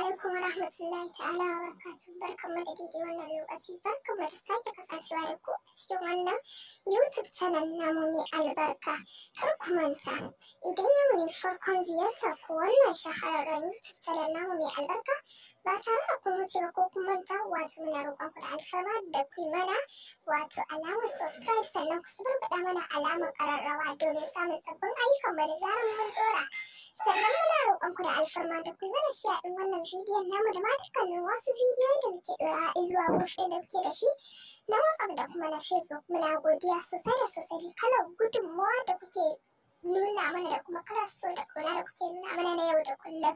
alaikum rahmatullahi ta'ala wa barakatuh barkanmu da daidai wannan lokaci barkanmu da sake kasancewa da ku cikin wannan youtube channel namu mai albarka kar ku manta idan yau ne farkon ziyartar ku wannan shahararren youtube channel namu mai albarka ba tare da kun wuce ba ko kun manta wato muna roƙon ku da alfarma da ku mana wato alamar subscribe sannan ku zubar mana alamar ƙararrawa domin samun sabbin ayyukan mu da zarar ɗora sannan muna roƙonku da alfarma da ku mana shi a ɗin wannan bidiyon mu da ma dukkanin wasu bidiyoyi da muke ɗora a zuwa group ɗin da muke da shi na WhatsApp da kuma na Facebook muna godiya sosai da sosai kalar gudunmawa da kuke nuna mana da kuma kalar so da kauna da kuke nuna mana na yau da kullum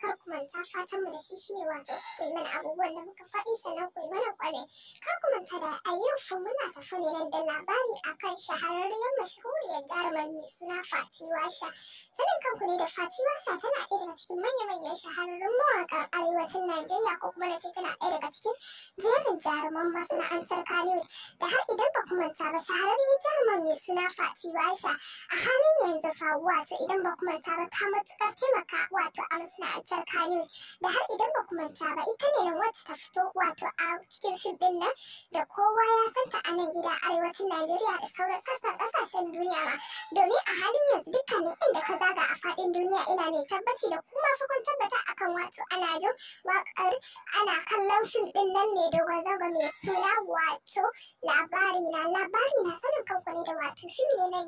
kar ku manta fatan mu da shi shine wato ku yi mana abubuwan da muka faɗi sannan ku yi mana kwame kar ku manta da a yau fa muna tafi ne nan da labari akan shahararriyar mashahuriyar jarumar mai suna Fatiwa Sha sanin kanku ne da Fatiwa Sha tana ɗaya daga cikin manya-manyan shahararrun mawaƙan arewacin Najeriya ko kuma na ce tana ɗaya daga cikin jerin jaruman masana'antar Kaliwe da har idan ba ku manta ba shahararriyar jarumar mai suna Fatiwa Sha a halin zanzafar wato idan ba kuma ta ba ta taimaka wato a masana'antar kaniwood da har idan ba kuma ba ita ne wacce ta fito wato a cikin fim ɗin nan da kowa ya santa a nan gida arewacin najeriya da sauran sassan ƙasashen duniya ma domin a halin yanzu dukkanin inda ka zaga a faɗin duniya ina mai tabbaci da kuma fa kun tabbata akan wato ana jin waƙar ana kallon fim ɗin nan mai dogon zango mai suna wato labari na labari na sanin kamfani da wato fim ne na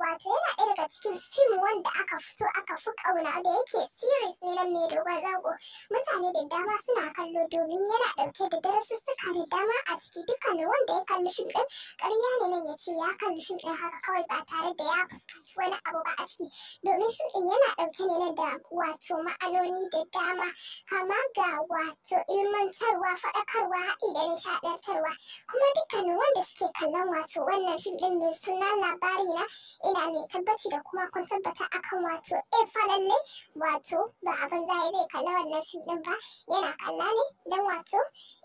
wato yana ɗaya daga cikin fim wanda aka fito aka fi ƙauna da yake series ne na mai dogon zango mutane da dama suna kallo domin yana ɗauke da darasussuka da dama a ciki dukkanin wanda ya kalli fim ɗin ƙarya ne nan ya ce ya kalli fim ɗin haka kawai ba tare da ya fuskanci wani abu ba a ciki domin fim ɗin yana ɗauke ne nan da wato ma'anoni da dama kama ga wato ilmantarwa faɗakarwa haɗi da nishaɗantarwa kuma dukkanin wanda suke kallon wato wannan fim ɗin mai suna labari na ina mai tabbaci da kuma kun tabbata akan wato e eh, falalle wato ba abin zai zai kalla wannan fim din ba yana kalla ne dan wato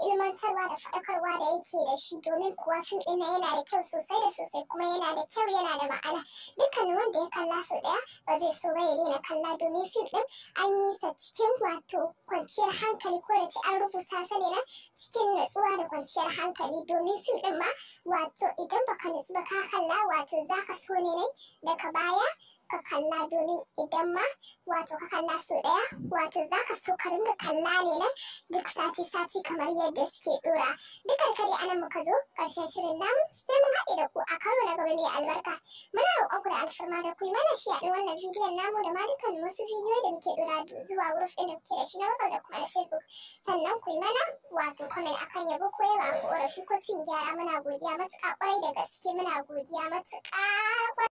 ilmantarwa da faɗakarwa da yake da shi domin kuwa fim ɗin yana da kyau sosai da sosai kuma yana da kyau yana da ma'ana dukkanin wanda ya kalla sau ɗaya ba zai so ba ya daina kalla domin fim ɗin an yi sa cikin wato kwanciyar hankali ko da ce an rubuta sa ne cikin natsuwa da kwanciyar hankali domin fim ɗin ma wato idan baka natsu ba ka kalla wato zaka so ne nan daga baya ka kalla domin idan ma wato ka kalla sau ɗaya wato za ka so ka ringa kalla ne nan duk sati-sati kamar yadda suke ɗora. Dukkan a anan muka zo ƙarshen shirin namu sai mun haɗe da ku a karo na gaba mai albarka. Muna roƙon ku da alfarma da ku yi mana shi yaɗin wannan bidiyon namu da ma dukkan wasu bidiyo da muke ɗora zuwa wurin ɗin da kuke da shi na WhatsApp da kuma na Facebook. Sannan ku yi mana wato comment akan yabo ko yaba ko ƙorafi ko cin gyara muna godiya matuƙa ƙwarai da gaske muna godiya matuƙa